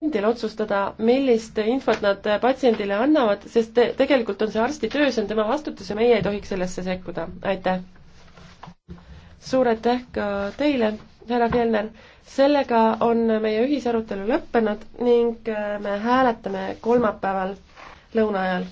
patsiendil otsustada, millist infot nad patsiendile annavad, sest te tegelikult on see arsti töö, see on tema vastutus ja meie ei tohiks sellesse sekkuda. aitäh! suur aitäh ka teile, härra Fjellner! sellega on meie ühisarutelu lõppenud ning me hääletame kolmapäeval lõuna ajal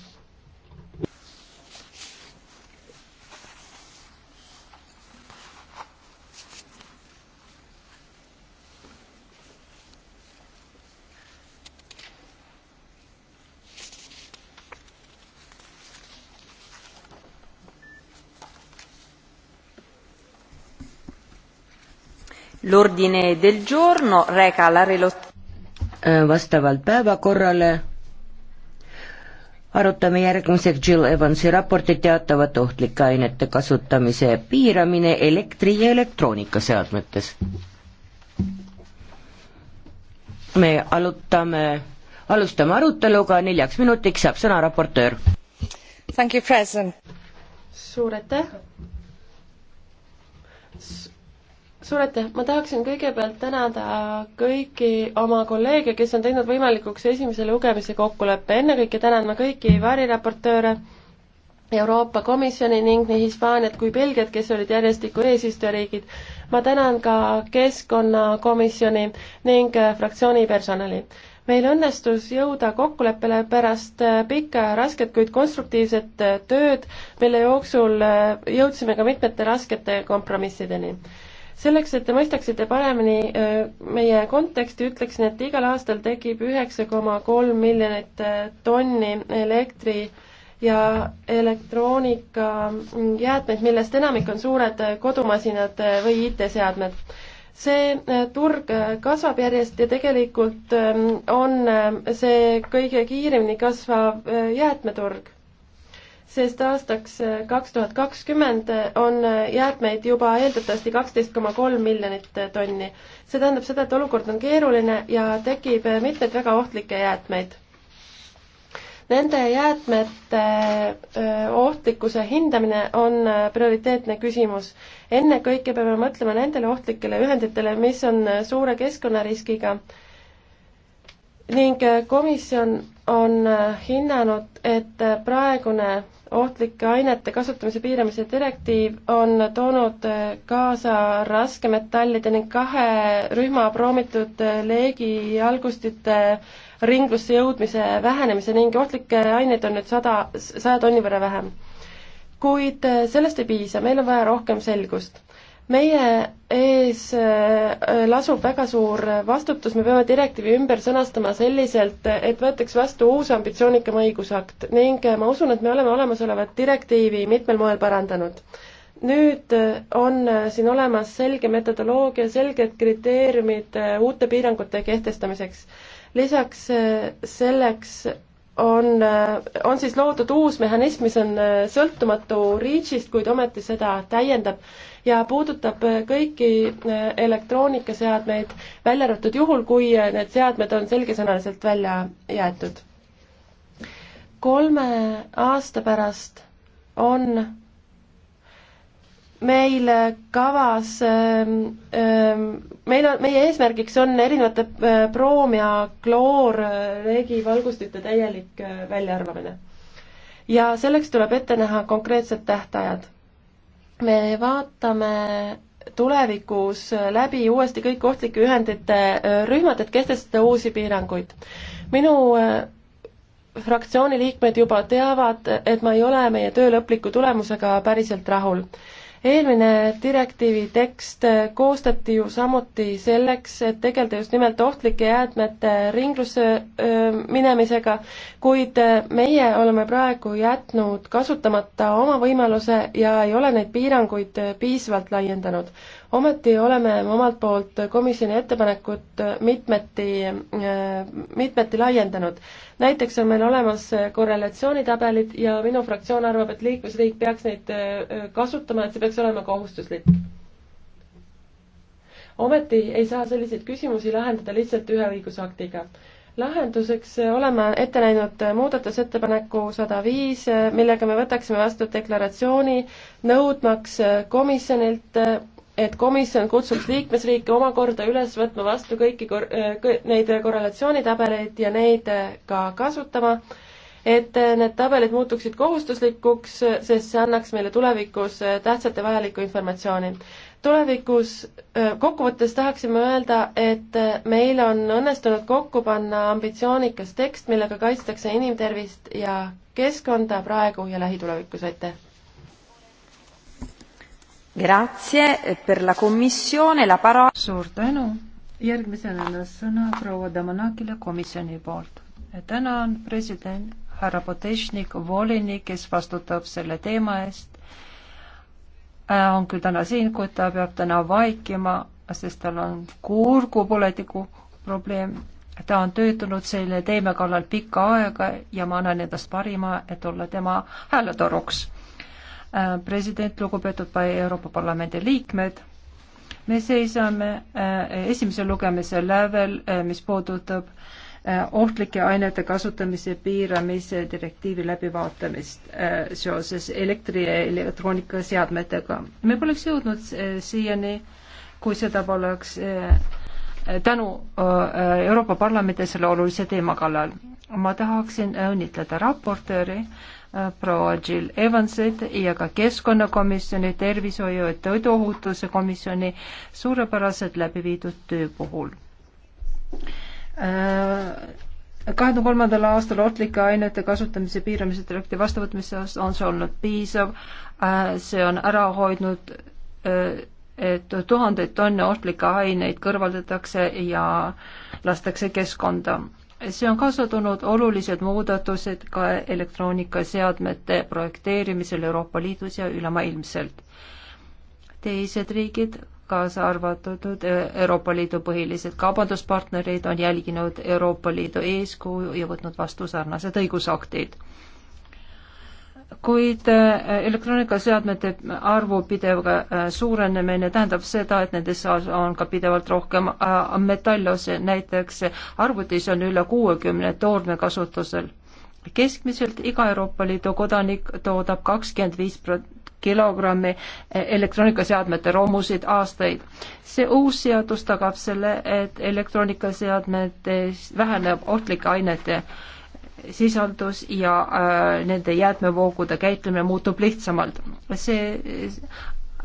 L'ordine del giorno reca la relot-. vastavalt päevakorrale arutame järgmiseks Jill Evansi raporti teatavate ohtlike ainete kasutamise piiramine elektri- ja elektroonikaseadmetes. me alutame, alustame aruteluga, neljaks minutiks saab sõna raportöör. suur aitäh! suur aitäh, ma tahaksin kõigepealt tänada kõiki oma kolleege, kes on teinud võimalikuks esimese lugemise kokkuleppe, ennekõike tänan ma kõiki variraportööre, Euroopa Komisjoni ning nii Hispaaniat kui Belgiat, kes olid järjestikku eesistujariigid. ma tänan ka Keskkonnakomisjoni ning fraktsiooni personali. meil õnnestus jõuda kokkuleppele pärast pikka ja rasket, kuid konstruktiivset tööd, mille jooksul jõudsime ka mitmete raskete kompromissideni selleks, et te mõistaksite paremini äh, meie konteksti, ütleksin, et igal aastal tekib üheksa koma kolm miljonit äh, tonni elektri ja elektroonika mm, jäätmeid, millest enamik on suured äh, kodumasinad või IT-seadmed. see turg kasvab järjest ja tegelikult ähm, on see kõige kiiremini kasvav jäätmeturg sest aastaks äh, kaks tuhat kakskümmend äh, on äh, jäätmeid juba eeldatavasti kaksteist koma kolm miljonit tonni. see tähendab seda, et olukord on keeruline ja tekib mitmeid väga ohtlikke jäätmeid. Nende jäätmete ohtlikkuse hindamine on prioriteetne küsimus. ennekõike peame mõtlema nendele ohtlikele ühenditele, mis on suure keskkonnariskiga ning komisjon on hinnanud, et praegune ohtlike ainete kasutamise piiramise direktiiv on toonud kaasa raskemetallide ning kahe rühma proomitud leegijalgustite ringlusse jõudmise vähenemise ning ohtlikke aineid on nüüd sada, saja tonni võrra vähem. kuid sellest ei piisa, meil on vaja rohkem selgust meie ees äh, lasub väga suur vastutus, me peame direktiivi ümber sõnastama selliselt, et võetaks vastu uus ambitsioonikam õigusakt ning äh, ma usun, et me oleme olemasolevat direktiivi mitmel moel parandanud. nüüd äh, on siin olemas selge metodoloogia, selged kriteeriumid uute piirangute kehtestamiseks. lisaks selleks on, on siis loodud uus mehhanism, mis on äh, sõltumatu REACH-ist, kuid ometi seda täiendab ja puudutab äh, kõiki äh, elektroonikaseadmeid, välja arvatud juhul, kui need seadmed on selgesõnaliselt välja jäetud. kolme aasta pärast on meil kavas, ähm, ähm, meil on, meie eesmärgiks on erinevate proom- äh, ja kloorreegi äh, valgustite täielik äh, väljaarvamine. ja selleks tuleb ette näha konkreetsed tähtajad. me vaatame tulevikus läbi uuesti kõik ohtlike ühendite rühmad, et kehtestada uusi piiranguid. minu fraktsiooni liikmed juba teavad, et ma ei ole meie töö lõpliku tulemusega päriselt rahul eelmine direktiivi tekst koostati ju samuti selleks, et tegeleda just nimelt ohtlike jäätmete ringlusse minemisega, kuid meie oleme praegu jätnud kasutamata oma võimaluse ja ei ole neid piiranguid piisavalt laiendanud ometi oleme omalt poolt komisjoni ettepanekut mitmeti, mitmeti laiendanud. näiteks on meil olemas korrelatsioonitabelid ja minu fraktsioon arvab, et liikmesriik peaks neid äh, kasutama, et see peaks olema kohustuslik. ometi ei saa selliseid küsimusi lahendada lihtsalt ühe õigusaktiga lahenduseks oleme ette näinud muudatusettepaneku sada viis, millega me võtaksime vastu deklaratsiooni nõudmaks komisjonilt et komisjon kutsuks liikmesriike omakorda üles võtma vastu kõiki kor-, äh, kõ-, neid korrelatsioonitabeleid ja neid äh, ka kasutama, et äh, need tabelid muutuksid kohustuslikuks, sest see annaks meile tulevikus tähtsat ja vajalikku informatsiooni. tulevikus kokkuvõttes tahaksime öelda, et meil on õnnestunud kokku panna ambitsioonikas tekst, millega kaitstakse inimtervist ja keskkonda praegu ja lähitulevikus, aitäh! Grazie eh, per la commissione, la parola. suur tänu, järgmisena annan sõna proua Damanakile komisjoni poolt. tänan, president, härra Potešnik, volinik, kes vastutab selle teema eest, äh, on küll täna siin, kuid ta peab täna vaikima, sest tal on kurgupõletiku probleem. ta on töötanud selle teema kallal pikka aega ja ma annan endast parima, et olla tema hääletoruks Äh, president, lugupeetud Euroopa Parlamendi liikmed, me seisame äh, esimese lugemise lävel, äh, mis puudutab ohtlike ainete kasutamise piiramise direktiivi läbivaatamist seoses elektri- ja elektroonikaseadmetega. me poleks jõudnud siiani, kui seda poleks tänu Euroopa Parlamendi selle olulise teema kallal ma tahaksin õnnitleda raportööri äh, proua Jill Evansit ja ka Keskkonnakomisjoni, Tervishoiu ja Toiduohutuse komisjoni suurepäraselt läbi viidud töö puhul. Äh, kahe tuhande kolmandal aastal ohtlike ainete kasutamise piiramise direktiivi vastuvõtmises on see olnud piisav, äh, see on ära hoidnud, et tuhandeid tonne ohtlikke aineid kõrvaldatakse ja lastakse keskkonda see on kaasa toonud olulised muudatused ka elektroonikaseadmete projekteerimisel Euroopa Liidus ja ülemaailmselt. teised riigid, kaasa arvatud Euroopa Liidu põhilised kaubanduspartnerid, on jälginud Euroopa Liidu eeskuju ja võtnud vastu sarnased õigusaktid kuid äh, elektroonikaseadmete arvu pidev äh, suurenemine tähendab seda, et nendes on ka pidevalt rohkem äh, metallose, näiteks arvutis on üle kuuekümne toorme kasutusel. keskmiselt iga Euroopa Liidu kodanik toodab kakskümmend viis kilogrammi elektroonikaseadmete romusid aastaid. see uus seadus tagab selle, et elektroonikaseadmetes väheneb ohtlike ainete sisaldus ja äh, nende jäätmevoogude käitlemine muutub lihtsamalt. see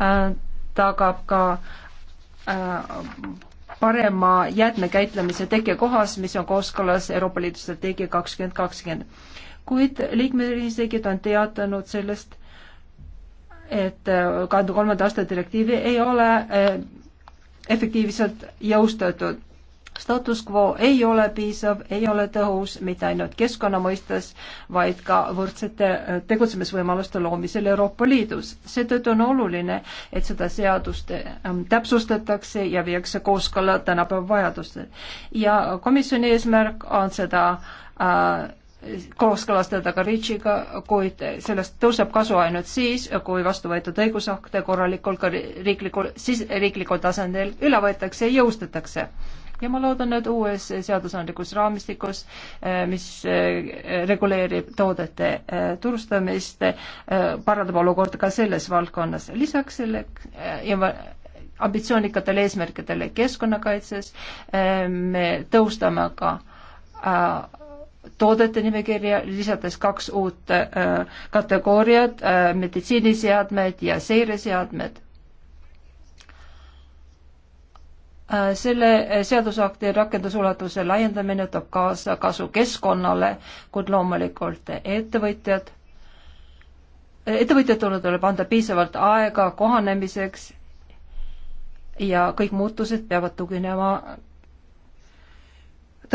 äh, tagab ka äh, parema jäätmekäitlemise tekkekohas, mis on kooskõlas Euroopa Liidu strateegia kakskümmend kakskümmend. kuid liikmesriigid on teatanud sellest, et äh, kahekümne kolmanda aasta direktiivi ei ole äh, efektiivselt jõustatud status quo ei ole piisav, ei ole tõhus mitte ainult keskkonna mõistes, vaid ka võrdsete äh, tegutsemisvõimaluste loomisel Euroopa Liidus. seetõttu on oluline, et seda seadust ähm, täpsustatakse ja viiakse kooskõlla tänapäeva vajadustele. ja komisjoni eesmärk on seda äh, kooskõlastada ka REACH-iga, kuid sellest tõuseb kasu ainult siis, kui vastu võetud õigusakte korralikult ka riiklikul, siis riiklikul tasandil üle võetakse ja jõustatakse ja ma loodan, et uues seadusandlikus raamistikus, eh, mis eh, reguleerib toodete eh, turustamist, parandab olukorda ka selles valdkonnas. lisaks selle ja ma ambitsioonikatele eesmärkidele keskkonnakaitses me tõustame ka toodete nimekirja, lisades kaks uut kategooriat, meditsiiniseadmed ja seireseadmed Äh, selle seadusakti rakendusulatuse laiendamine toob kaasa kasu keskkonnale, kuid loomulikult ettevõtjad, ettevõtjatele tuleb anda piisavalt aega kohanemiseks ja kõik muutused peavad tuginema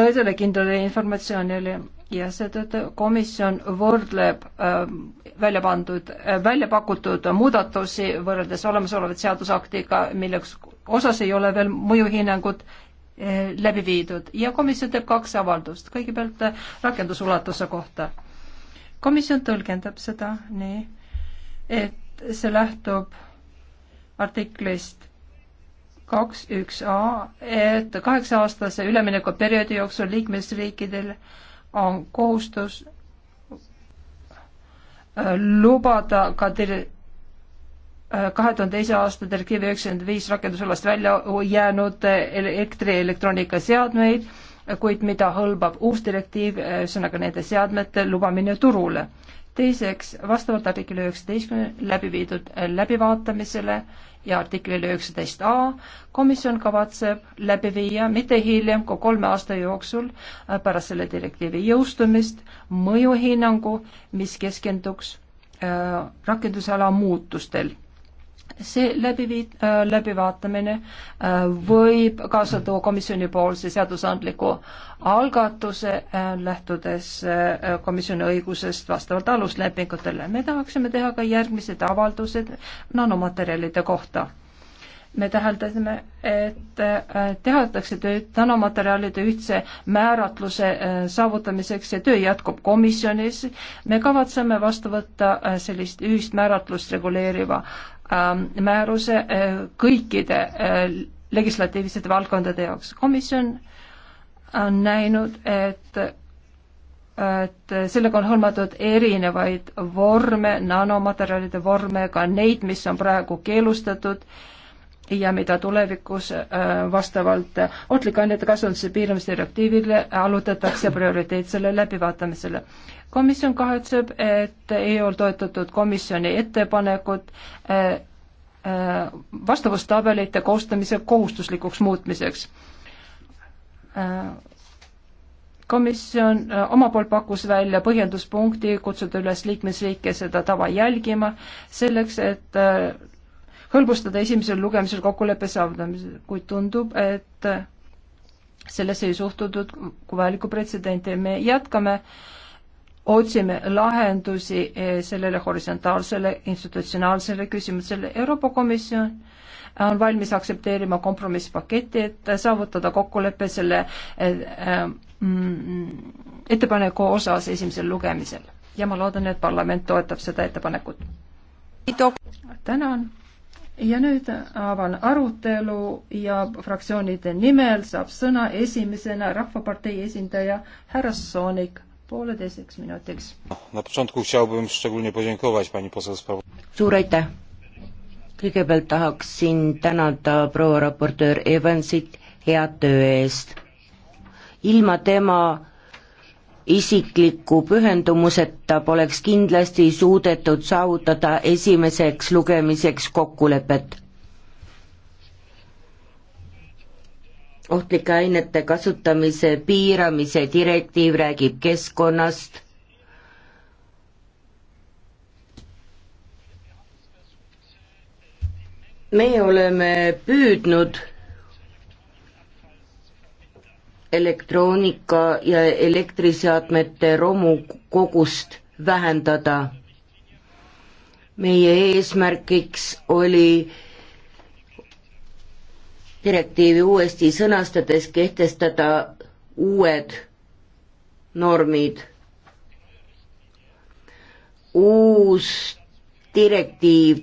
tõesele kindlale informatsioonile ja seetõttu komisjon võrdleb äh, välja pandud äh,, välja pakutud muudatusi võrreldes olemasoleva seadusaktiga, milleks osas ei ole veel mõjuhinnangut äh, läbi viidud ja komisjon teeb kaks avaldust, kõigepealt äh, rakendusulatuse kohta. komisjon tõlgendab seda nii, et see lähtub artiklist kaks üks A, et kaheksa-aastase üleminekuperioodi jooksul liikmesriikidel äh, on kohustus äh, lubada ka äh, kahe tuhande teise aasta direktiivi üheksakümmend viis rakendusalast välja jäänud elektrielektroonikaseadmeid, kuid mida hõlbab uus direktiiv, äh, ühesõnaga nende seadmete lubamine turule teiseks, vastavalt artiklile üheksateistkümne läbi viidud läbivaatamisele ja artiklile üheksateist A komisjon kavatseb läbi viia mitte hiljem kui kolme aasta jooksul äh, pärast selle direktiivi jõustumist mõjuhinnangu, mis keskenduks äh, rakendusala muutustel see läbiviid- äh,, läbivaatamine äh, võib kaasa tuua komisjonipoolse seadusandliku algatuse äh,, lähtudes äh, komisjoni õigusest vastavalt aluslepingutele. me tahaksime teha ka järgmised avaldused nanomaterjalide kohta me täheldasime, et äh, tehatakse tööd nanomaterjalide ühtse määratluse äh, saavutamiseks ja töö jätkub komisjonis. me kavatseme vastu võtta äh, sellist ühist määratlust reguleeriva ähm, määruse kõikide legislatiivsete valdkondade jaoks. komisjon on näinud, et et sellega on hõlmatud erinevaid vorme, nanomaterjalide vorme, ka neid, mis on praegu keelustatud äh, ja mida tulevikus äh, vastavalt ohtlike ainete kasutamise piiramise direktiivile allutatakse prioriteetsele läbivaatamisele. komisjon kahetseb, et ei ole toetatud komisjoni ettepanekut äh, äh, vastavustabelite koostamise kohustuslikuks muutmiseks. komisjon oma poolt pakkus välja põhjenduspunkti, kutsuda üles liikmesriike seda tava jälgima, selleks et hõlbustada esimesel lugemisel kokkuleppe saavutamisel, kuid tundub, et sellesse ei suhtutud kui vajalikku pretsedenti. me jätkame, otsime lahendusi eh, sellele horisontaalsele institutsionaalsele küsimusele. Euroopa Komisjon on valmis aktsepteerima kompromisspaketti, et saavutada kokkulepe selle eh, eh, mm, ettepaneku osas esimesel lugemisel ja ma loodan, et parlament toetab seda ettepanekut. tänan ja nüüd avan arutelu ja fraktsioonide nimel saab sõna esimesena Rahvapartei esindaja härra Soonik pooleteiseks minutiks. suur aitäh! kõigepealt tahaksin tänada proua raportöör Evansit hea töö eest. ilma tema isikliku pühendumuseta poleks kindlasti suudetud saavutada esimeseks lugemiseks kokkulepet. ohtlike ainete kasutamise piiramise direktiiv räägib keskkonnast meie oleme püüdnud elektroonika ja elektriseadmete romu kogust vähendada. meie eesmärgiks oli direktiivi uuesti sõnastades kehtestada uued normid. uus direktiiv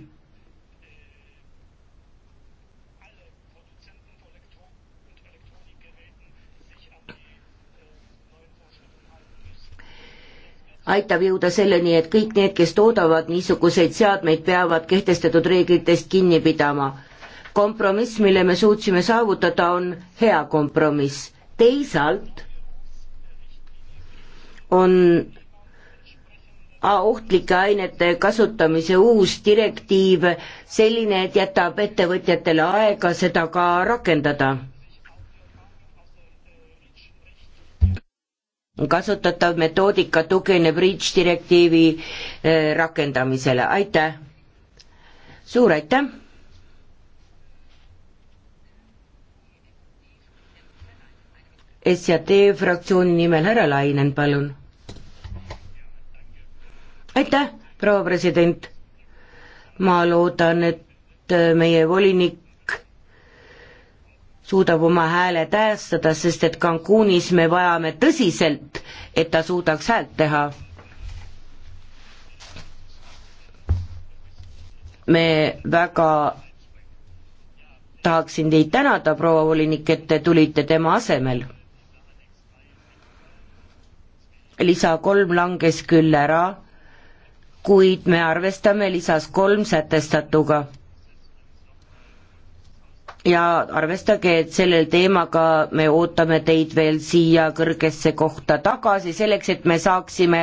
aitab jõuda selleni, et kõik need, kes toodavad niisuguseid seadmeid, peavad kehtestatud reeglitest kinni pidama. kompromiss, mille me suutsime saavutada, on hea kompromiss. teisalt on ohtlike ainete kasutamise uus direktiiv selline, et jätab ettevõtjatele aega seda ka rakendada kasutatav metoodika tugineb REACH direktiivi eh, rakendamisele, aitäh! suur aitäh! SJT fraktsiooni nimel härra Lainen, palun. aitäh, proua president. ma loodan, et eh, meie volinik suudab oma hääle tähestada, sest et Cancunis me vajame tõsiselt, et ta suudaks häält teha. me väga tahaksin teid tänada, proua volinik, et te tulite tema asemel. lisa kolm langes küll ära, kuid me arvestame lisas kolm sätestatuga ja arvestage, et selle teemaga me ootame teid veel siia kõrgesse kohta tagasi, selleks et me saaksime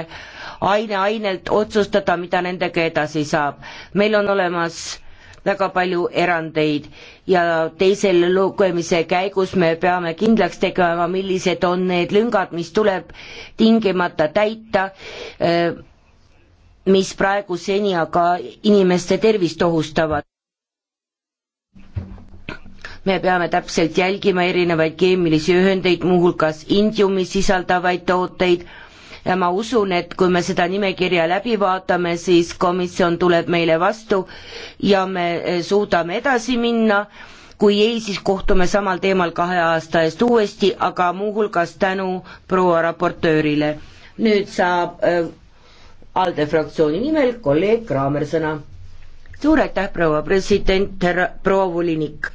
aine-ainelt otsustada, mida nendega edasi saab. meil on olemas väga palju erandeid ja teise lugemise käigus me peame kindlaks tegema, millised on need lüngad, mis tuleb tingimata täita, eh, mis praegu seni aga inimeste tervist ohustavad me peame täpselt jälgima erinevaid keemilisi ühendeid, muuhulgas indiumi sisaldavaid tooteid ja ma usun, et kui me seda nimekirja läbi vaatame, siis komisjon tuleb meile vastu ja me eh, suudame edasi minna, kui ei, siis kohtume samal teemal kahe aasta eest uuesti, aga muuhulgas tänu proua raportöörile. nüüd saab äh, ALDE fraktsiooni nimel kolleeg Kraamer sõna. suur aitäh, proua president, härra proua volinik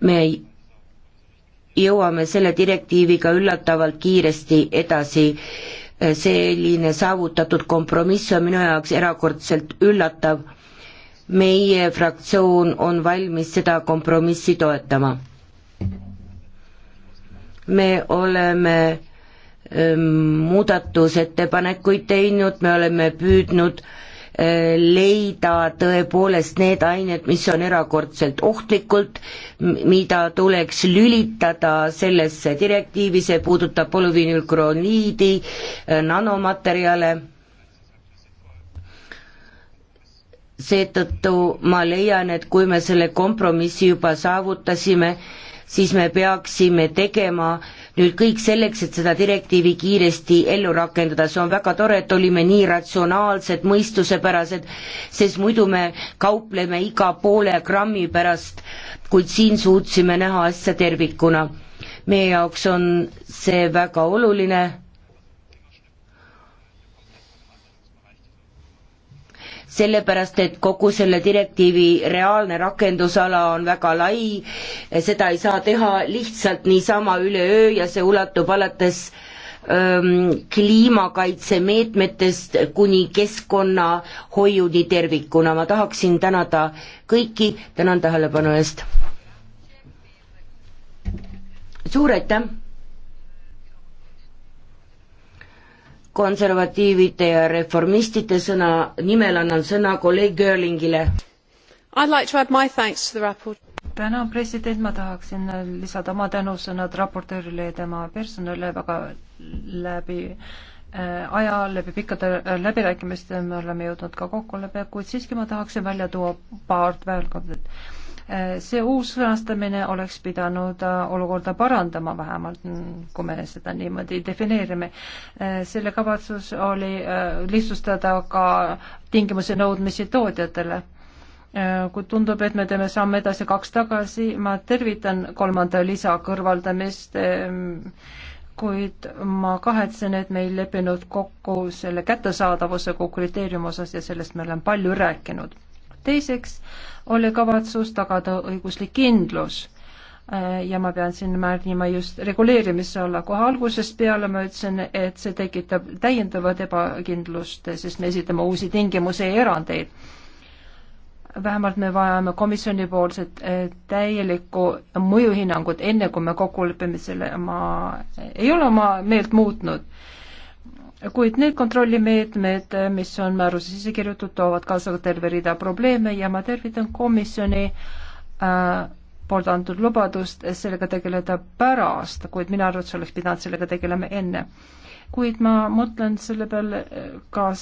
me jõuame selle direktiiviga üllatavalt kiiresti edasi. selline saavutatud kompromiss on minu jaoks erakordselt üllatav. meie fraktsioon on valmis seda kompromissi toetama. me oleme ähm, muudatusettepanekuid teinud, me oleme püüdnud äh, leida tõepoolest need ained, mis on erakordselt ohtlikult, mida tuleks lülitada sellesse direktiivi, see puudutab polüvinülkroniidi, äh, nanomaterjale, seetõttu ma leian, et kui me selle kompromissi juba saavutasime, siis me peaksime tegema äh, nüüd kõik selleks, et seda direktiivi kiiresti ellu rakendada, see on väga tore, et olime nii ratsionaalsed, mõistusepärased, sest muidu me kaupleme iga poole grammi pärast, kuid siin suutsime näha asja tervikuna. meie jaoks on see väga oluline sellepärast et kogu selle direktiivi reaalne rakendusala on väga lai, seda ei saa teha lihtsalt niisama üleöö ja see ulatub alates ähm, kliimakaitsemeetmetest kuni keskkonnahoiuni tervikuna, ma tahaksin tänada kõiki, tänan tähelepanu eest. suur aitäh! konservatiivide ja reformistide sõna, nimel annan sõna kolleeg Görlingile. Like tänan, president, ma tahaksin lisada oma tänusõnad raportöörile ja tema personalile väga läbi äh, aja, läbi pikkade äh, läbirääkimiste me oleme jõudnud ka kokkuleppe, kuid siiski ma tahaksin välja tuua paar väärkondadest Eh, see uus sõnastamine oleks pidanud eh, olukorda parandama vähemalt, mm, kui me seda niimoodi defineerime. Eh, selle kavatsus oli lihtsustada ka tingimusi nõudmisi tootjatele kui tundub, et me teeme samme edasi kaks tagasi, ma tervitan kolmanda lisa kõrvaldamist, ehm, kuid ma kahetsen, et me ei leppinud kokku selle kättesaadavuse kui kriteeriumi osas ja sellest me oleme palju rääkinud teiseks oli kavatsus tagada õiguslik kindlus äh, ja ma pean siin märgima just reguleerimise alla, kohe algusest peale ma ütlesin, et see tekitab täiendavat ebakindlust, sest me esitame uusi tingimusi ja erandeid. vähemalt me vajame komisjonipoolset äh, täielikku mõjuhinnangut, enne kui me kokku lepime selle, ma ei ole oma meelt muutnud kuid need kontrollimeetmed, mis on määruses sisse kirjutatud, toovad kaasa terve rida probleeme ja ma tervitan komisjoni äh, poolt antud lubadust sellega tegeleda pärast, kuid minu arvates oleks pidanud sellega tegelema enne. kuid ma mõtlen selle peale, kas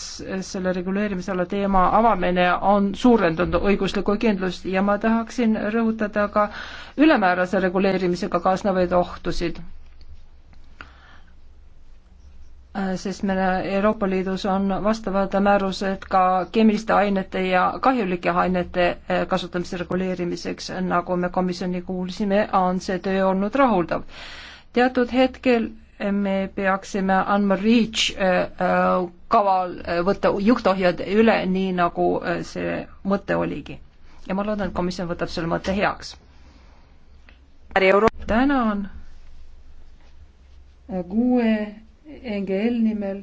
selle reguleerimisala teema avamine on suurendanud õiguslikku kindlust ja ma tahaksin rõhutada ka ülemäärase reguleerimisega kaasnevaid ohtusid Äh, sest meil Euroopa Liidus on vastavad määrused ka keemiliste ainete ja kahjulike ainete äh, kasutamise reguleerimiseks, nagu me komisjoni kuulsime, on see töö olnud rahuldav. teatud hetkel me peaksime andma REACH äh, kaval võtta juhtohjad üle, nii nagu see mõte oligi. ja ma loodan, et komisjon võtab selle mõtte heaks. tänan. kuue NGL nimel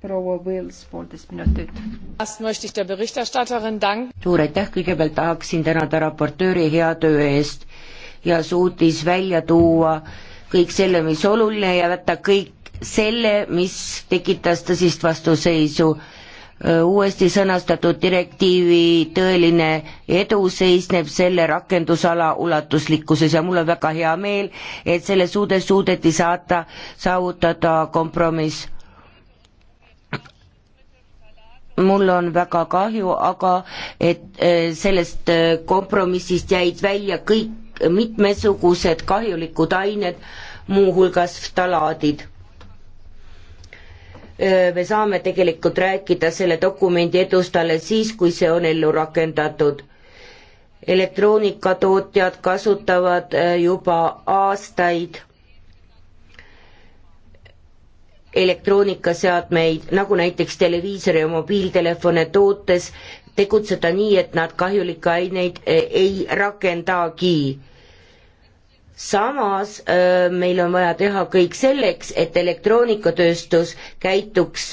proua Wills, poolteist minutit. suur aitäh, kõigepealt tahaksin tänada raportööri hea töö eest ja suutis välja tuua kõik selle, mis oluline ja võtta kõik selle, mis tekitas tõsist vastuseisu Äh, uuesti sõnastatud direktiivi tõeline edu seisneb selle rakendusala ulatuslikkuses ja mul on väga hea meel, et selle suudes suudeti saata, saavutada kompromiss. mul on väga kahju, aga et äh, sellest äh, kompromissist jäid välja kõik mitmesugused kahjulikud ained, muuhulgas ftalaadid me saame tegelikult rääkida selle dokumendi edust alles siis, kui see on ellu rakendatud. elektroonikatootjad kasutavad juba aastaid elektroonikaseadmeid, nagu näiteks televiisori ja mobiiltelefone tootes, tegutseda nii, et nad kahjulikke aineid ei rakendagi samas meil on vaja teha kõik selleks, et elektroonikatööstus käituks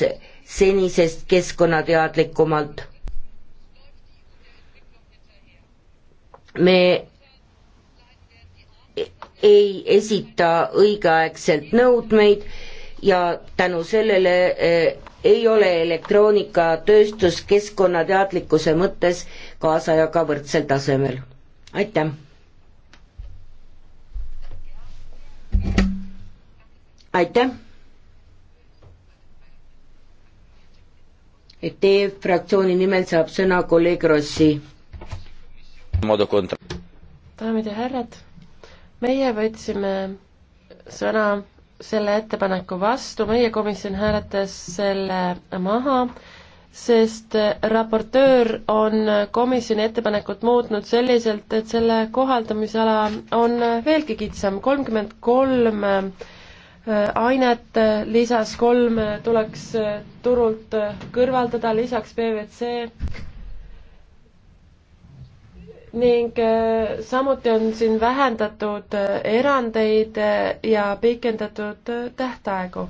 senisest keskkonnateadlikumalt. me ei esita õigeaegselt nõudmeid ja tänu sellele ei ole elektroonikatööstus keskkonnateadlikkuse mõttes kaasajaga võrdsel tasemel. aitäh! aitäh. et teie fraktsiooni nimel saab sõna kolleeg Rossi. daamid ja härrad, meie võtsime sõna selle ettepaneku vastu, meie komisjon hääletas selle maha, sest raportöör on komisjoni ettepanekut muutnud selliselt, et selle kohaldamisala on veelgi kitsam, kolmkümmend kolm ainet, lisas kolm tuleks turult kõrvaldada, lisaks PVC ning äh, samuti on siin vähendatud erandeid ja pikendatud tähtaegu.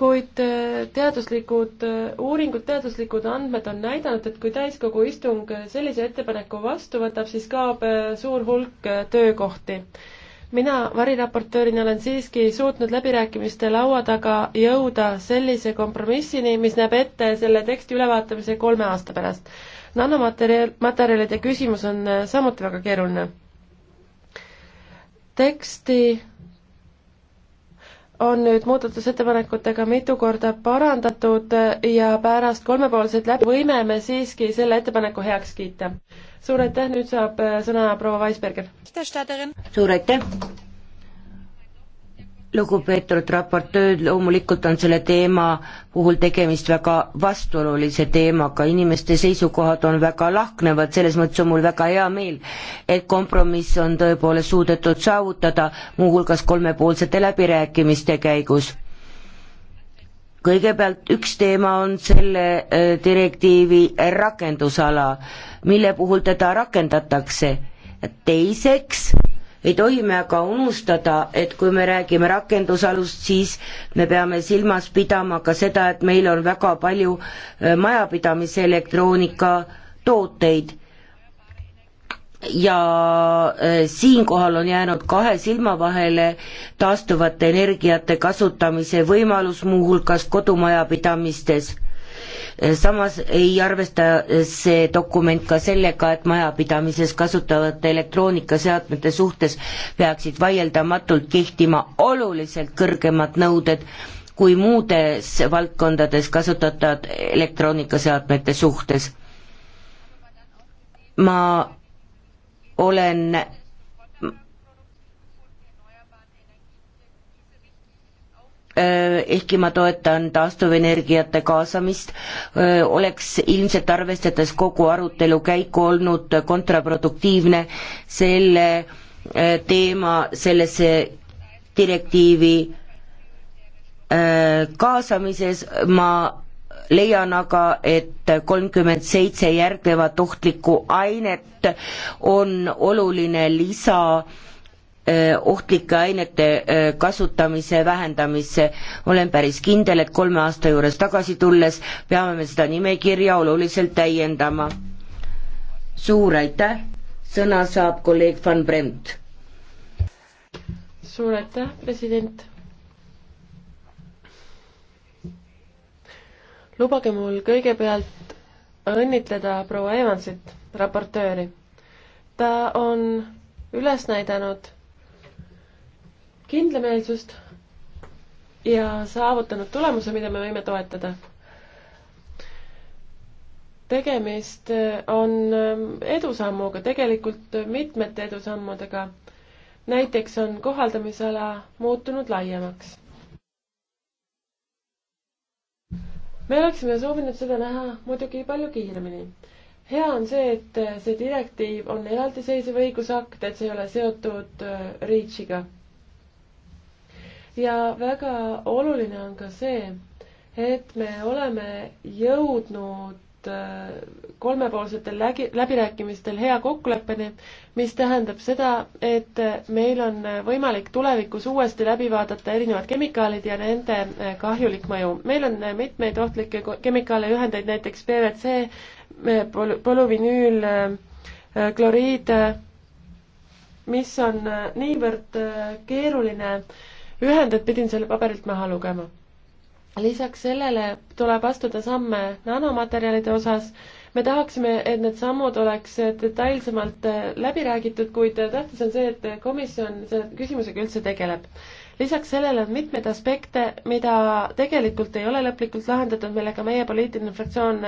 kuid äh, teaduslikud äh, uuringud, teaduslikud andmed on näidanud, et kui täiskogu istung sellise ettepaneku vastu võtab, siis kaob suur hulk töökohti mina variraportöörina olen siiski suutnud läbirääkimiste laua taga jõuda sellise kompromissini, mis näeb ette selle teksti ülevaatamise kolme aasta pärast. nanomaterjal, materjalide küsimus on äh, samuti väga keeruline. teksti on nüüd muudatusettepanekutega mitu korda parandatud äh, ja pärast kolmepoolset läbi võime me siiski selle ettepaneku heaks kiita suur aitäh, nüüd saab äh, sõna proua Weisberger. suur aitäh! lugupeetud raportöör, loomulikult on selle teema puhul tegemist väga vastuolulise teemaga, inimeste seisukohad on väga lahknevad, selles mõttes on mul väga hea meel, et kompromiss on tõepoolest suudetud saavutada, muuhulgas kolmepoolsete läbirääkimiste käigus kõigepealt üks teema on selle äh, direktiivi rakendusala, mille puhul teda rakendatakse. teiseks ei tohi me aga unustada, et kui me räägime rakendusalust, siis me peame silmas pidama ka seda, et meil on väga palju äh, majapidamise elektroonika tooteid ja äh, siinkohal on jäänud kahe silma vahele taastuvate energiate kasutamise võimalus muuhulgas kodumajapidamistes. Äh, samas ei arvesta äh, see dokument ka sellega, et majapidamises kasutavate elektroonikaseadmete suhtes peaksid vaieldamatult kehtima oluliselt kõrgemad nõuded kui muudes valdkondades kasutatud elektroonikaseadmete suhtes. ma olen äh, ehkki ma toetan taastuvenergiate kaasamist, äh, oleks ilmselt arvestades kogu arutelu käiku olnud kontraproduktiivne selle äh, teema sellesse direktiivi kaasamises, ma leian aga, et kolmkümmend seitse järgnevat ohtlikku ainet on oluline lisa eh, ohtlike ainete eh, kasutamise vähendamisse. olen päris kindel, et kolme aasta juures tagasi tulles peame me seda nimekirja oluliselt täiendama. suur aitäh, sõna saab kolleeg Van Bremt. suur aitäh, president lubage mul kõigepealt õnnitleda proua Evansit, raportööri. ta on üles näidanud kindlameelsust ja saavutanud tulemuse, mida me võime toetada. tegemist on edusammuga, tegelikult mitmete edusammudega. näiteks on kohaldamisala muutunud laiemaks. me oleksime soovinud seda näha muidugi palju kiiremini. hea on see, et see direktiiv on eraldiseisev õigusakt, et see ei ole seotud äh, REACH-iga. ja väga oluline on ka see, et me oleme jõudnud Äh, kolmepoolsetel lägi, läbirääkimistel hea kokkuleppeni, mis tähendab seda, et äh, meil on äh, võimalik tulevikus uuesti läbi vaadata erinevad kemikaalid ja nende kahjulik mõju. meil on mitmeid ohtlikke kemikaale ja ühendeid, näiteks PVC, pol-, polüvinüül, kloriid, mis on niivõrd keeruline ühend, et pidin selle paberilt maha lugema lisaks sellele tuleb astuda samme nanomaterjalide osas. me tahaksime, et need sammud oleks detailsemalt läbi räägitud, kuid tähtis on see, et komisjon selle küsimusega üldse tegeleb. lisaks sellele on mitmeid aspekte, mida tegelikult ei ole lõplikult lahendatud, millega meie poliitiline fraktsioon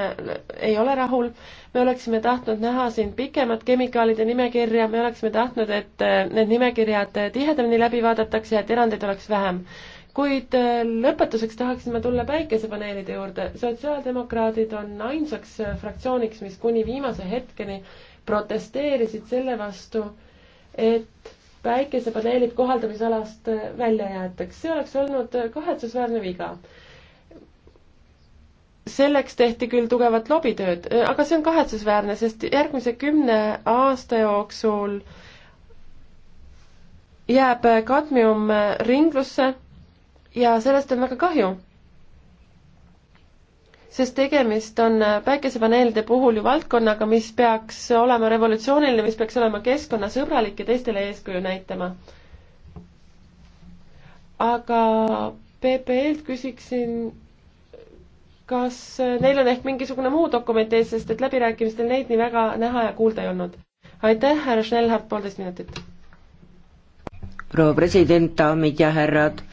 ei ole rahul. me oleksime tahtnud näha siin pikemat kemikaalide nimekirja, me oleksime tahtnud, et need nimekirjad tihedamini läbi vaadatakse ja et erandeid oleks vähem kuid äh, lõpetuseks tahaksime tulla päikesepaneelide juurde. sotsiaaldemokraadid on ainsaks äh, fraktsiooniks, mis kuni viimase hetkeni protesteerisid selle vastu, et päikesepaneelid kohaldamisalast äh, välja jäetaks. see oleks olnud kahetsusväärne viga. selleks tehti küll tugevat lobitööd, aga see on kahetsusväärne, sest järgmise kümne aasta jooksul jääb kadmium ringlusse ja sellest on väga kahju. sest tegemist on äh, päikesepaneelide puhul ju valdkonnaga, mis peaks olema revolutsiooniline, mis peaks olema keskkonnasõbralik ja teistele eeskuju näitama. aga PPE-lt küsiksin, kas äh, neil on ehk mingisugune muu dokument ees, sest et läbirääkimistel neid nii väga näha ja kuulda ei olnud. aitäh, härra Schnellhardt, poolteist minutit. proua president, daamid ja härrad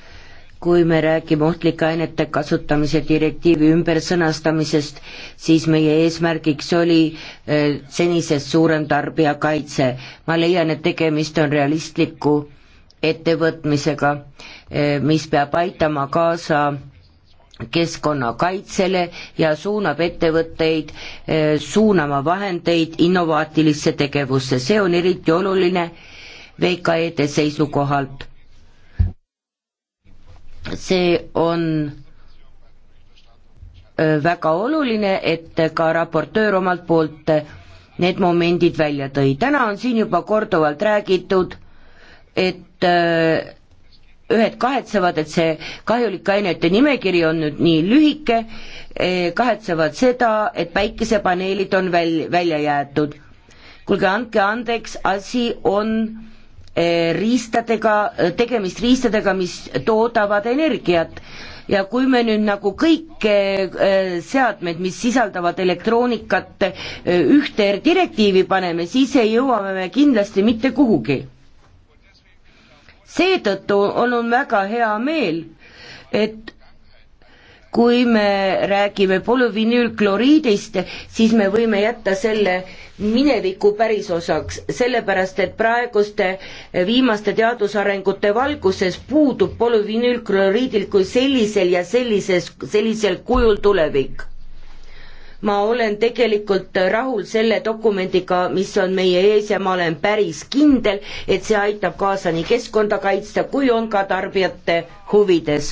kui me räägime ohtlike ainete kasutamise direktiivi ümbersõnastamisest, siis meie eesmärgiks oli eh, senisest suurem tarbijakaitse. ma leian, et tegemist on realistliku ettevõtmisega, eh, mis peab aitama kaasa keskkonnakaitsele ja suunab ettevõtteid eh, suunama vahendeid innovaatilisse tegevusse, see on eriti oluline VKE-de seisukohalt see on väga oluline, et ka raportöör omalt poolt need momendid välja tõi. täna on siin juba korduvalt räägitud, et ühed kahetsevad, et see kahjulike ainete nimekiri on nüüd nii lühike, e, kahetsevad seda, et päikesepaneelid on väl-, välja jäetud. kuulge, andke andeks, asi on Eh, riistadega, eh, tegemist riistadega, mis toodavad energiat ja kui me nüüd nagu kõik eh, seadmed, mis sisaldavad elektroonikat, ühte direktiivi paneme, siis ei jõua me kindlasti mitte kuhugi. seetõttu on, on väga hea meel, et kui me räägime polüvinüülkloriidist, siis me võime jätta selle mineviku pärisosaks, sellepärast et praeguste viimaste teadusarengute valguses puudub polüvinüülkloriidil kui sellisel ja sellises, sellisel kujul tulevik ma olen tegelikult rahul selle dokumendiga, mis on meie ees ja ma olen päris kindel, et see aitab kaasa nii keskkonda kaitsta kui on ka tarbijate huvides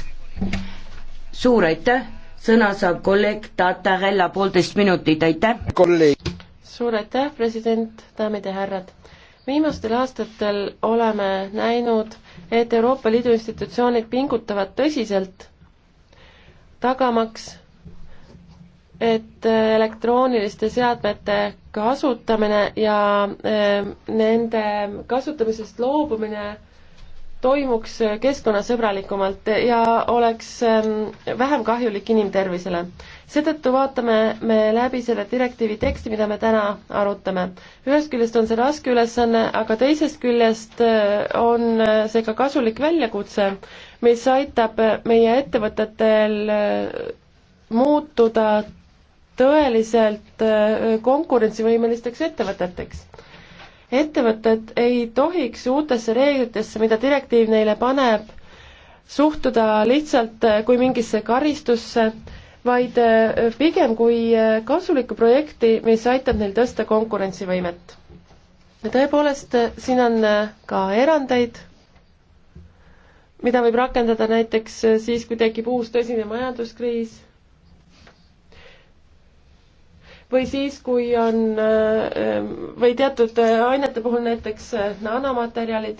suur aitäh, sõna saab kolleeg Tatarella, poolteist minutit, aitäh! suur aitäh, president, daamid ja härrad! viimastel aastatel oleme näinud, et Euroopa Liidu institutsioonid pingutavad tõsiselt, tagamaks, et äh, elektrooniliste seadmete kasutamine ja äh, nende kasutamisest loobumine toimuks keskkonnasõbralikumalt ja oleks ähm, vähem kahjulik inimtervisele. seetõttu vaatame me läbi selle direktiivi teksti, mida me täna arutame. ühest küljest on see raske ülesanne, aga teisest küljest äh, on äh, see ka kasulik väljakutse, mis aitab meie ettevõtetel äh, muutuda tõeliselt konkurentsivõimelisteks ettevõteteks ettevõtted ei tohiks uutesse reeglitesse, mida direktiiv neile paneb, suhtuda lihtsalt äh, kui mingisse karistusse, vaid äh, pigem kui äh, kasulikku projekti, mis aitab neil tõsta konkurentsivõimet. ja tõepoolest, siin on ka erandeid, mida võib rakendada näiteks siis, kui tekib uus tõsine majanduskriis või siis, kui on äh, või teatud äh, ainete puhul näiteks äh, nanomaterjalid,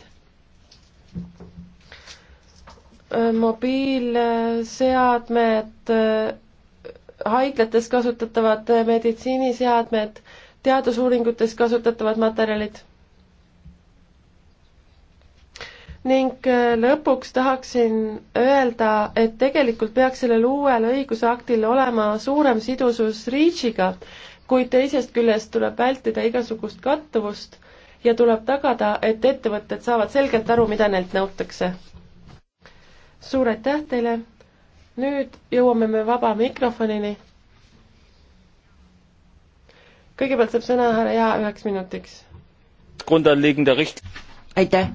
mobiilseadmed, haiglates kasutatavad meditsiiniseadmed, teadusuuringutes kasutatavad materjalid ning äh, lõpuks tahaksin öelda, et tegelikult peaks sellel uuel õigusaktil olema suurem sidusus REACH-iga, kuid teisest küljest tuleb vältida igasugust kattuvust ja tuleb tagada, et ettevõtted saavad selgelt aru, mida neilt nõutakse. suur aitäh teile, nüüd jõuame me vaba mikrofonini. kõigepealt saab sõna härra Jaa üheks minutiks. aitäh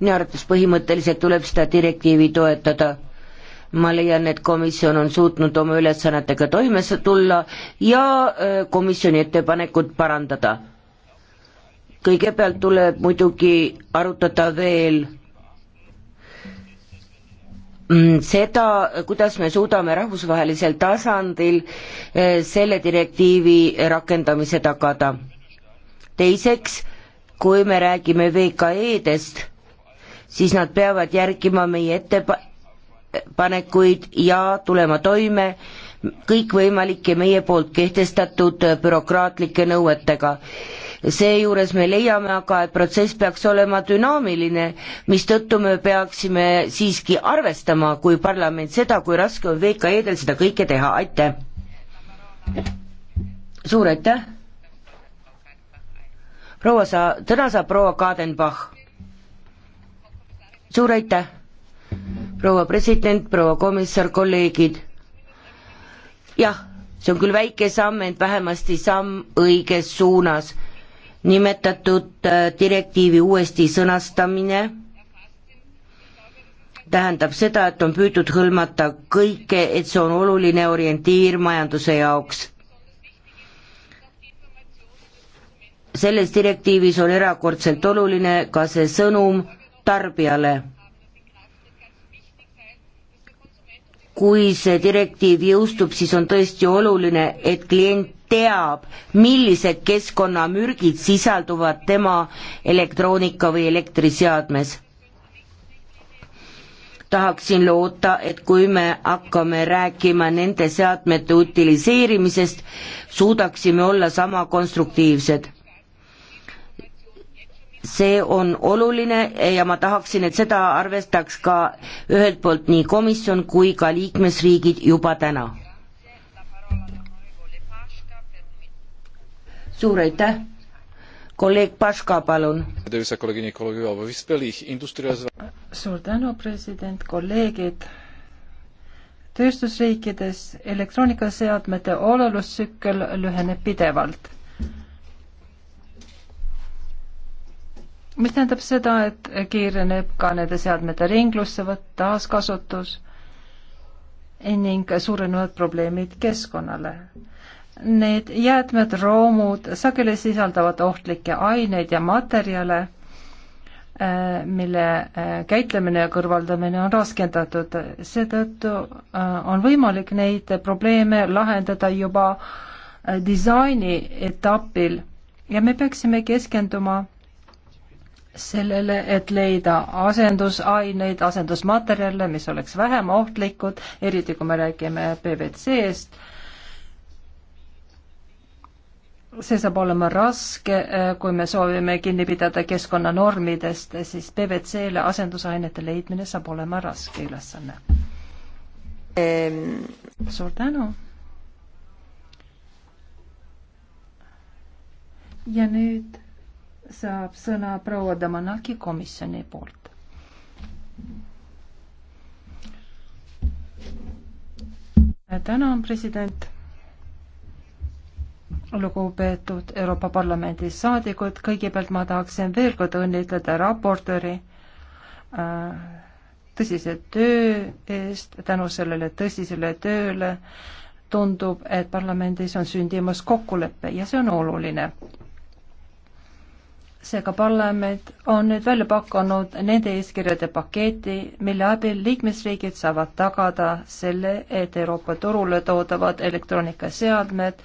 minu arvates põhimõtteliselt tuleb seda direktiivi toetada. ma leian, et komisjon on suutnud oma ülesannetega toime tulla ja äh, komisjoni ettepanekut parandada. kõigepealt tuleb muidugi arutada veel mm, seda, kuidas me suudame rahvusvahelisel tasandil äh, selle direktiivi rakendamise tagada. teiseks, kui me räägime VKE-dest, siis nad peavad järgima meie ettepanekuid ja tulema toime kõikvõimalike meie poolt kehtestatud bürokraatlike nõuetega. seejuures me leiame aga, et protsess peaks olema dünaamiline, mistõttu me peaksime siiski arvestama kui parlament seda, kui raske on VKE-del seda kõike teha, aitäh! suur aitäh! proua sa-, täna saab proua Kadenbach suur aitäh, proua president, proua komissar, kolleegid. jah, see on küll väike samm, ent vähemasti samm õiges suunas. nimetatud äh, direktiivi uuesti sõnastamine tähendab seda, et on püütud hõlmata kõike, et see on oluline orientiir majanduse jaoks selles direktiivis on erakordselt oluline ka see sõnum, tarbijale. kui see direktiiv jõustub, siis on tõesti oluline, et klient teab, millised keskkonnamürgid sisalduvad tema elektroonika või elektriseadmes. tahaksin loota, et kui me hakkame rääkima nende seadmete utiliseerimisest, suudaksime olla sama konstruktiivsed see on oluline ja ma tahaksin, et seda arvestaks ka ühelt poolt nii komisjon kui ka liikmesriigid juba täna. suur aitäh, kolleeg Paška, palun. suur tänu, president, kolleegid tööstusriikides elektroonikaseadmete olelustsükkel lüheneb pidevalt mis tähendab seda, et kiireneb ka nende seadmete ringlussevõtt, taaskasutus ning suurenevad probleemid keskkonnale. Need jäätmed, roomud sageli sisaldavad ohtlikke aineid ja materjale, äh, mille äh, käitlemine ja kõrvaldamine on raskendatud. seetõttu äh, on võimalik neid probleeme lahendada juba disaini etapil ja me peaksime keskenduma sellele, et leida asendusaineid, asendusmaterjale, mis oleks vähem ohtlikud, eriti kui me räägime PVC-st. see saab olema raske, eh, kui me soovime kinni pidada keskkonnanormidest, siis PVC-le asendusainete leidmine saab olema raske ülesanne ehm.. suur tänu. ja nüüd saab sõna proua Damanaki komisjoni poolt. tänan, president. lugupeetud Euroopa Parlamendi saadikud, kõigepealt ma tahaksin veel kord õnnitleda raportööri äh, tõsise töö eest, tänu sellele tõsisele tööle tundub, et parlamendis on sündimas kokkulepe ja see on oluline seega parlament on nüüd välja pakkunud nende eeskirjade paketi, mille abil liikmesriigid saavad tagada selle, et Euroopa turule toodavad elektroonikaseadmed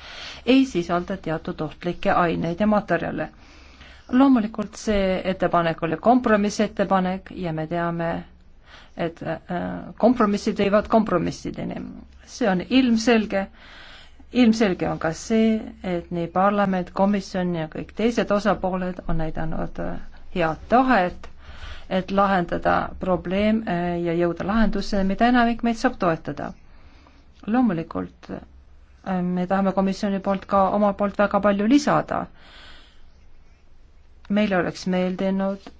ei sisalda teatud ohtlikke aineid ja materjale. loomulikult see ettepanek oli kompromissettepanek ja me teame, et äh, kompromissid viivad kompromissideni. see on ilmselge ilmselge on ka see, et nii parlament, komisjon ja kõik teised osapooled on näidanud äh, head tahet, et lahendada probleem äh, ja jõuda lahenduseni, mida enamik meid saab toetada. loomulikult äh, me tahame komisjoni poolt ka omalt poolt väga palju lisada. meile oleks meeldinud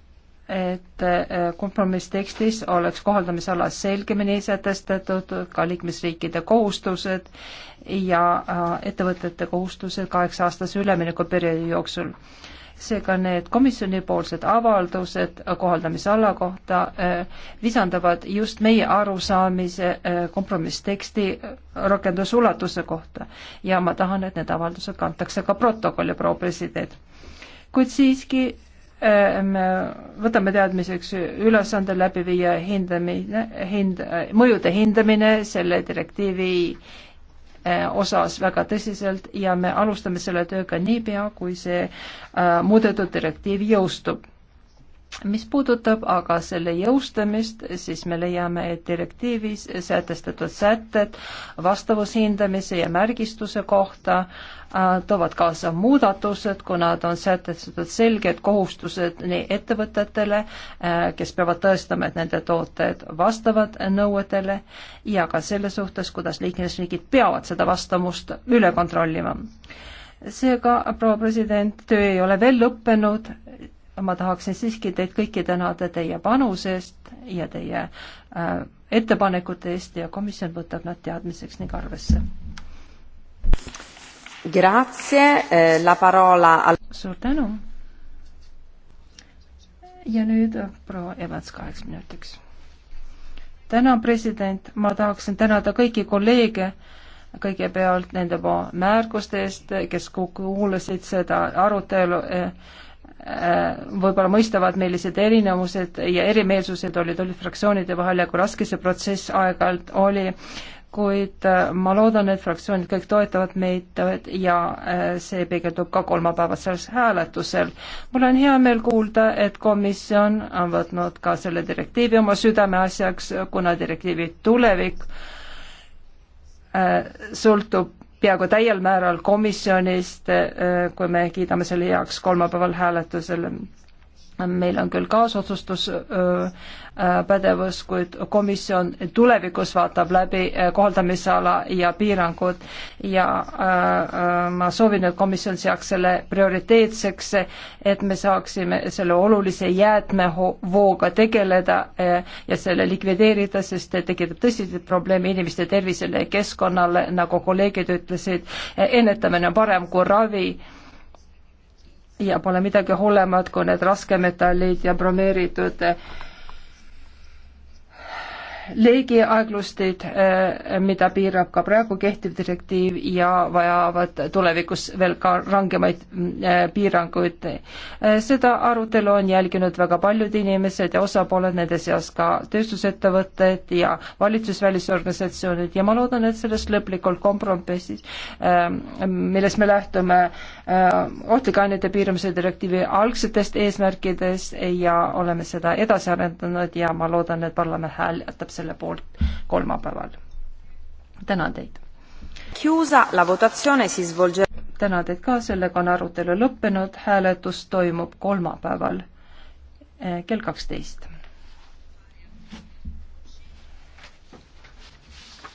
et äh, kompromisstekstis oleks kohaldamisala selgemini sätestatud ka liikmesriikide kohustused ja äh, ettevõtete kohustused kaheksa aastase üleminekuperioodi jooksul. seega need komisjonipoolsed avaldused kohaldamisala kohta äh, lisandavad just meie arusaamise kompromissteksti rakendusulatuse kohta ja ma tahan, et need avaldused kantakse ka protokolli, proua president. kuid siiski Äh, me võtame teadmiseks ülesande läbi viia hindamine, hind, äh, mõjude hindamine selle direktiivi äh, osas väga tõsiselt ja me alustame selle tööga niipea, kui see muudetud direktiiv jõustub. mis puudutab aga selle jõustamist, siis me leiame, et direktiivis sätestatud sätted vastavushindamise ja märgistuse kohta äh, Äh, toovad kaasa muudatused, kuna nad on sätestatud selged kohustused nii ettevõtetele, äh, kes peavad tõestama, et nende tooted vastavad nõuetele ja ka selle suhtes, kuidas liikmesriigid peavad seda vastavust üle kontrollima. seega, proua president, töö ei ole veel lõppenud, ma tahaksin siiski teid kõiki tänada teie panuse eest ja teie äh, ettepanekute eest ja komisjon võtab nad teadmiseks ning arvesse Grazie, eh, la parola al-. suur tänu. ja nüüd eh, proua Evats kaheks minutiks. tänan, president, ma tahaksin tänada kõiki kolleege kõigepealt nende märkuste eest, kes kuulasid seda arutelu eh, võib-olla mõistavad, millised erinevused ja erimeelsused olid, olid fraktsioonide vahel ja kui raske see protsess aeg-ajalt oli kuid äh, ma loodan, et fraktsioonid kõik toetavad meid äh, ja äh, see peegeldub ka kolmapäevasel hääletusel. mul on hea meel kuulda, et komisjon on võtnud ka selle direktiivi oma südameasjaks, kuna direktiivi tulevik sõltub peaaegu täiel määral komisjonist, kui me kiidame selle heaks kolmapäeval hääletusel meil on küll kaasotsustuspädevus, kuid komisjon tulevikus vaatab läbi kohaldamisala ja piirangud ja öö, ma soovin, et komisjon seaks selle prioriteetseks, et me saaksime selle olulise jäätmevooga tegeleda ja selle likvideerida, sest see tekitab tõsiseid probleeme inimeste tervisele ja keskkonnale, nagu kolleegid ütlesid, ennetamine on parem kui ravi ja pole midagi hullemat kui need raskemetallid ja bromeeritud eh, leegi aeglusteid, äh, mida piirab ka praegu kehtiv direktiiv ja vajavad tulevikus veel ka rangemaid mm, äh, piiranguid. Äh, seda arutelu on jälginud väga paljud inimesed ja osapooled, nende seas ka tööstusettevõtted ja valitsusvälisorganisatsioonid ja ma loodan, et sellest lõplikult kompromissis, ähm, millest me lähtume ohtlike ainete piiramise direktiivi algsetest eesmärkidest ja oleme seda edasi arendanud ja ma loodan, et parlament hääletab hääletab selle poolt kolmapäeval. tänan teid. tänan teid ka, sellega on arutelu lõppenud, hääletus toimub kolmapäeval eh, kell kaksteist